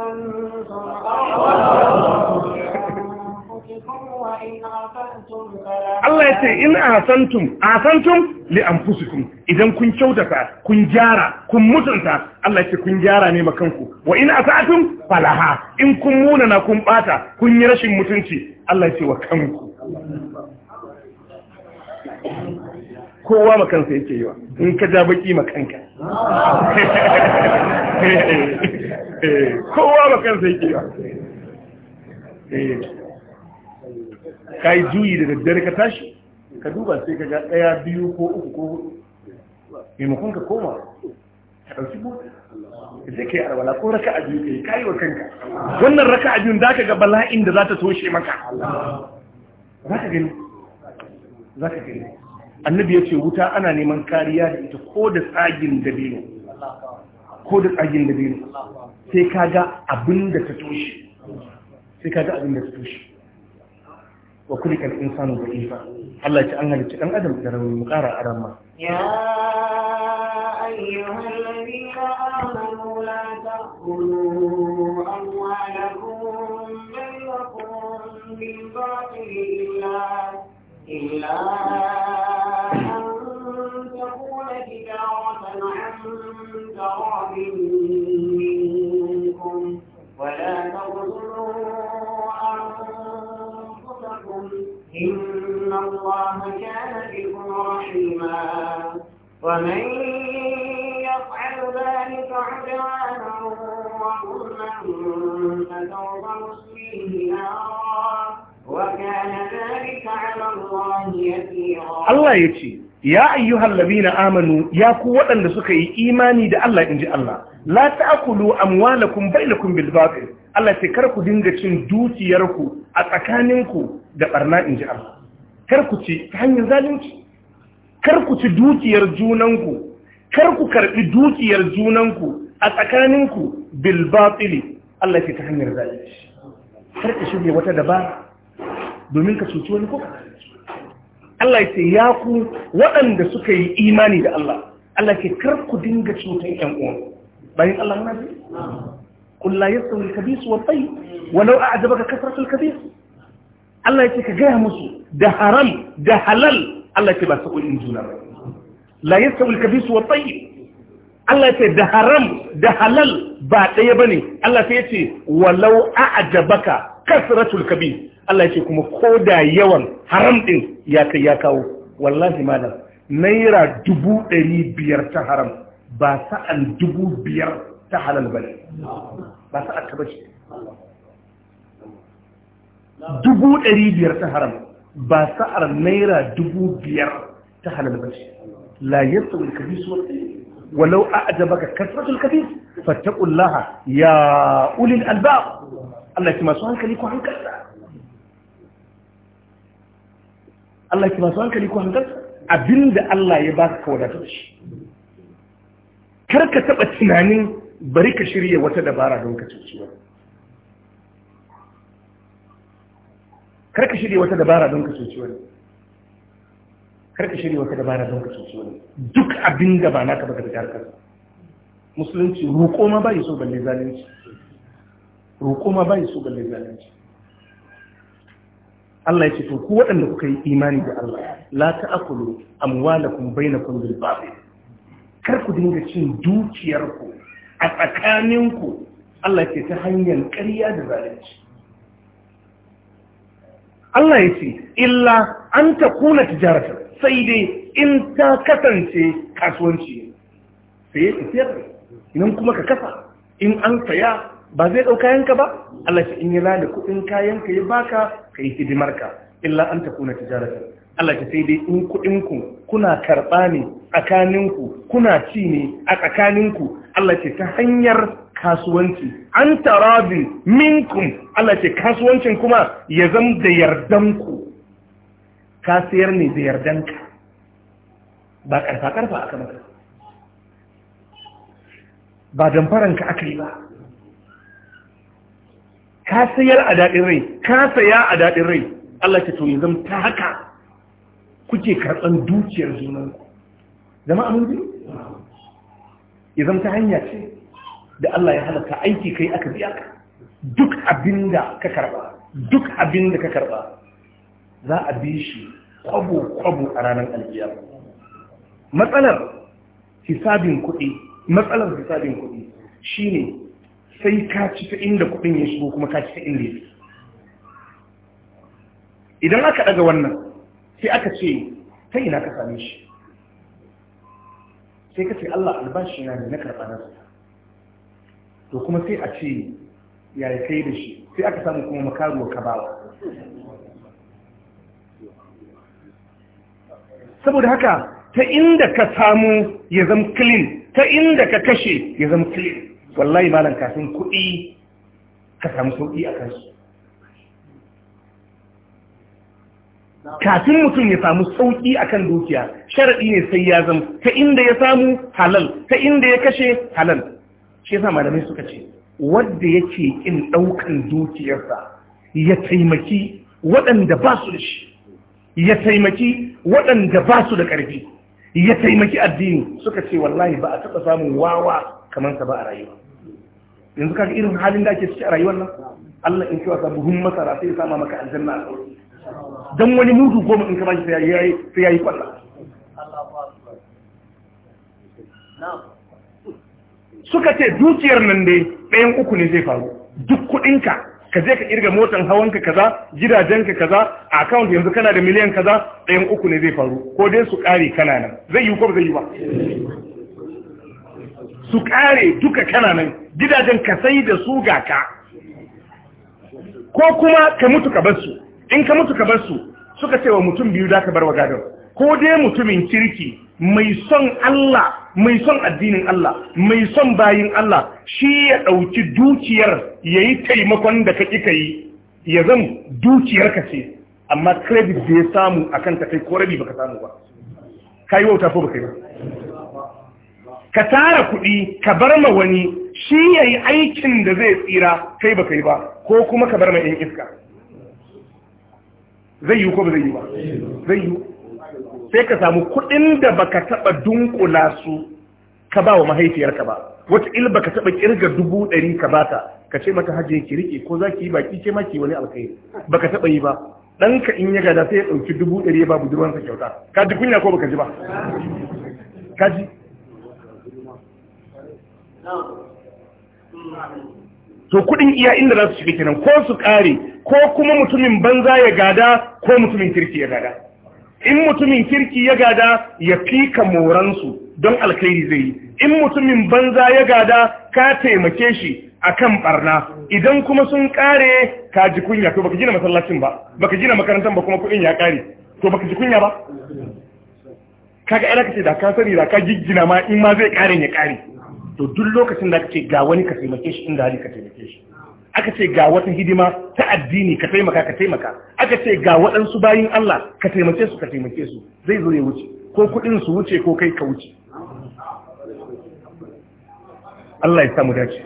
[SPEAKER 2] Allah ya ce in
[SPEAKER 1] ahsantum ahsantum li anfusikum idan kun kyautata kun gyara kun mutunta Allah ya ce kun gyara ne makanku wa sa asatum falaha in kun munana kun bata kun yi rashin mutunci Allah ya ce wa kanku kowa makansa yake yiwa in ka ja baki makanka kowa makansa yake yiwa eh. ka yi juyi da daddare ka tashi ka duba sai ka ga ɗaya biyu ko uku ko hudu maimakon ka koma ka ɗauki mota da je ka yi arwala ko raka a biyu ka yi kayi wa kanka wannan raka a biyun ka ga bala'in da za ta toshe maka za ka gani za ka gani annabi ya ce wuta ana neman kariya da ita ko da tsagin dabino ko da tsagin dabino sai ka ga abin da ta toshe sai ka ga abin da ta toshe وكلك الإنسان ضعيفا الله يتعلم لك أن أدم ترى من مقارع أرمى
[SPEAKER 2] يا أيها الذين آمنوا لا تأكلوا أموالكم بالرقم من باطل إلا إلا تكون تجارة عن تراب منكم ولا الله كان بكم رحيما ومن يفعل ذلك عدوانا وظلما فسوف نصليه نارا وكان ذلك على الله يسيرا
[SPEAKER 1] الله يجزي ya ayyuhal labina amanu ya ku waɗanda suka yi imani da Allah inji Allah la ta'kulu amwalakum bainakum bil batil Allah ce kar ku dinga cin dukiyarku a tsakaninku da ɓarna inji Allah kar ku ci ta hanyar zalunci kar ku ci dukiyar junanku kar ku karbi dukiyar junanku a tsakaninku bil batili Allah ke ta hanyar zalunci kar ka shirya wata dabara domin ka cuci wani ko Allah ya ce ya ku waɗanda suka yi imani da Allah Allah ke kar ku dinga cutan ƴan uwan bayan Allah na ji kullu yasawi al-khabith wa tayyib walau a'jabaka kasratul khabith Allah ya ce ka gaya musu da haram da halal Allah ya ce ba sa'o'in juna ba la yastawil kabisu wa tayyib Allah ya ce da haram da halal ba ɗaya ba Allah Allah ya ce walau a'jabaka kasratul kabi Allah ya ce kuma ko da yawan haram ɗin ya kai ya kawo wallahi malam naira dubu ɗari biyar ta haram ba sa'an dubu biyar ta halal ba ne ba sa'an ta bace dubu ɗari biyar ta haram ba sa'ar naira dubu biyar ta halal ba ce la yasta wani kabi su walau a ajabaka kasratul kabi fattakullaha ya ulil albab Allah ki masu hankali ko hankalta Allah ki masu hankali ko hankalta abinda Allah ya baka ka wadatar shi kar ka taɓa tunanin bari ka shirya wata dabara don ka cuci wani kar ka shirya wata dabara don ka soci wani kar ka shirya wata dabara don ka soci wani duk abin da ba naka baka fita harkar musulunci roƙo ma bai so balle zalunci roƙo ma bai so balle zalunci Allah ya ce to ku waɗanda kuka yi imani da Allah la ta'kulu amwalakum bainakum bil batil kar ku dinga cin dukiyarku a tsakaninku Allah ya ce ta hanyar ƙarya da zalunci Allah ya ce illa an ta kuna tijarata sai dai in ta kasance kasuwanci sai ka siyar nan kuma ka kasa in an saya ba zai ɗau kayanka ba Allah ce in yi lada kuɗin kayanka ya baka ka yi hidimarka illa an ta kuna tijarata Allah ce sai dai in kuɗinku kuna karɓa ne tsakaninku kuna ci ne a tsakaninku Allah ce ta hanyar kasuwanci an tarabi minkum Allah ce kasuwancin kuma ya zama da yardanku ka sayar ne da yardanka ba karfa-karfa aka maka ba damfaranka aka yi ba ka sayar a daɗin rai ka saya a daɗin rai Allah ce to ya zama ta haka kuke karɓar dukiyar junanku zama amince? ya zama ta hanya ce da Allah ya halatta aiki kai aka biya ka duk abin da ka karba duk abin da ka karba za a bi shi kwabo-kwabo a ranar aljiya matsalar hisabin kuɗi matsalar hisabin kuɗi shine sai ka ci ta inda kuɗin ya shigo kuma ka ci ta inda ya idan aka ɗaga wannan sai aka ce ta ina ka same shi sai ka ce Allah albashi na ne na karɓa nasa to kuma sai a ce yi kai da shi sai aka samu kuma makaruwa ka bawa saboda haka ta inda ka samu ya zama clean ta inda ka kashe ya zama clean wallahi malam kafin kuɗi ka samu sauƙi a kansu kafin mutum ya samu sauƙi kan dukiya sharaɗi ne sai ya zama ta inda ya samu halal ta inda ya kashe halal shi yasa malamai suka ce wanda yake kin daukan dukiyarsa ya taimaki waɗanda ba su da shi ya taimaki waɗanda ba su da ƙarfi ya taimaki addini suka ce wallahi ba a taɓa samun wawa kamar sa ba a rayuwa yanzu kaga irin halin da ake ciki a rayuwar nan Allah in kiwa sabu hun masara sai ya sama maka aljanna a sauri dan wani mudu goma in ka shi sai yayi sai kwalla
[SPEAKER 2] Allahu akbar na'am
[SPEAKER 1] suka ce dukiyar nan dai ɗayan uku ne zai faru duk kuɗinka ka je ka irga motan hawanka kaza gidajenka kaza account yanzu kana da miliyan kaza ɗayan uku ne zai faru ko dai su ƙare kana nan zai yi ko zai yi ba su ƙare duka kana nan gidajen ka sai da su ga ka ko kuma ka mutu ka bar su in ka mutu ka bar su suka ce wa mutum biyu da ka bar wa gadon ko dai mutumin kirki mai son Allah mai son addinin Allah mai son bayin Allah shi ya ɗauki dukiyar ya yi taimakon da ka kika yi ya zan dukiyar ka ce amma credit da ya samu a kan ta kai ko rabi baka samu ba ka yi wauta ko baka yi ba ka tara kuɗi ka bar ma wani shi ya yi aikin da zai tsira kai baka yi ba ko kuma ka bar ma 'yan iska zai yi ko ba zai yi ba zai yi sai ka samu kuɗin da baka taɓa dunkula su ka ba wa mahaifiyarka ba wata il baka taɓa kirga dubu ɗari ka bata ka ce mata hajji ki rike ko za ki yi baki ce ma ki wani alkhairi baka taɓa yi ba ɗanka in ya gada sai ya ɗauki dubu ɗari ya ba budurwansa kyauta ka ji kunya ko baka ji ba ka ji to kuɗin iya inda za su shiga kenan ko su ƙare ko kuma mutumin banza ya gada ko mutumin kirki ya gada in mutumin kirki ya gada ya fika moransu don alkhairi zai yi in mutumin banza ya gada ka taimake shi akan barna idan kuma sun kare ka ji kunya to baka gina masallacin ba baka gina makarantar ba kuma kuɗin ya kare to baka ji kunya ba kaga ana ce da ka sani da ka giggina ma in ma zai kare ya kare to duk lokacin da kace ga wani ka taimake shi inda hali ka taimake shi aka ce ga wata hidima ta addini ka taimaka ka taimaka aka ce ga waɗansu bayin Allah ka taimake su ka taimake su zai zo ya wuce ko kuɗin su wuce ko kai ka wuce Allah ya samu dace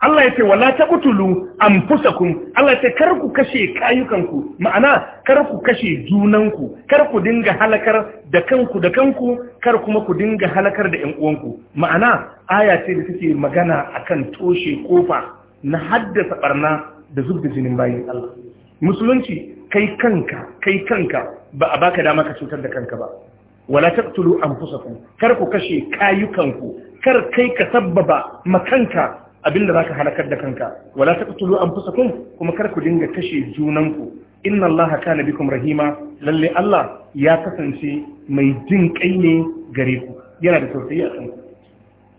[SPEAKER 1] Allah ya ce wala taqtulu anfusakum Allah ya ce kar ku kashe kayukanku ma'ana kar ku kashe junanku kar ku dinga halakar da kanku da kanku kar kuma ku dinga halakar da ƴan uwanku ma'ana aya ce da take magana akan toshe kofa na haddasa barna da zub da jinin bayan Allah musulunci kai kanka kai kanka ba a baka dama ka cutar da kanka ba wala taqtulu anfusakum kar ku kashe kayukanku kar kai ka sabbaba makanka abinda zaka halakar da kanka wala taqtulu anfusakum kuma kar ku dinga kashe junanku inna allaha kana bikum rahima lalle Allah ya kasance mai jin kai ne gare ku yana da tausayi a kanku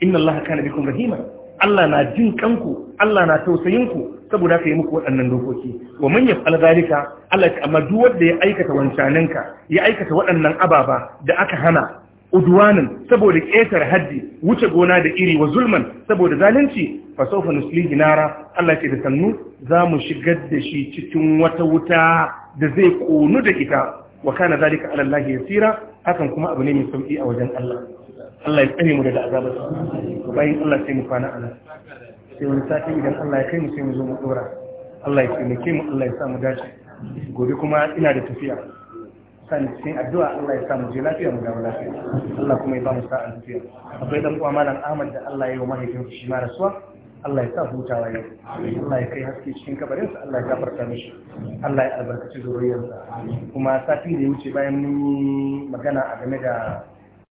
[SPEAKER 1] inna allaha kana bikum rahima Allah na jin kanku Allah na tausayinku saboda ka yi muku waɗannan dokoki wa man yaf'al zalika Allah ta amma duk wanda ya aikata wancaninka ya aikata waɗannan ababa da aka hana udwanin saboda ƙetar haddi wuce gona da iri wa zulman saboda zalunci fa sawfa nuslihi nara Allah ce da sannu za mu shigar da shi cikin wata wuta da zai konu da ita wa kana zalika ala Allah yasira hakan kuma abu ne mai sauki a wajen Allah Allah ya tsare mu daga azabar su bayan Allah sai mu kwana a nan sai wani sati idan Allah ya kai mu sai mu zo mu dora Allah ya taimake mu Allah ya sa mu dace gobe kuma ina da tafiya sani sai addu'a Allah ya sa mu je lafiya mu dawo lafiya Allah kuma ya ba mu sa'a tafiya akwai dan uwa malam Ahmad da Allah ya yi wa mahaifinsa shi ma rasuwa Allah ya sa hutawa yau Allah ya kai haske cikin kabarinsa Allah ya gafarta mishi Allah ya albarkaci zuriyarsa kuma satin da ya wuce bayan mun
[SPEAKER 2] magana a game da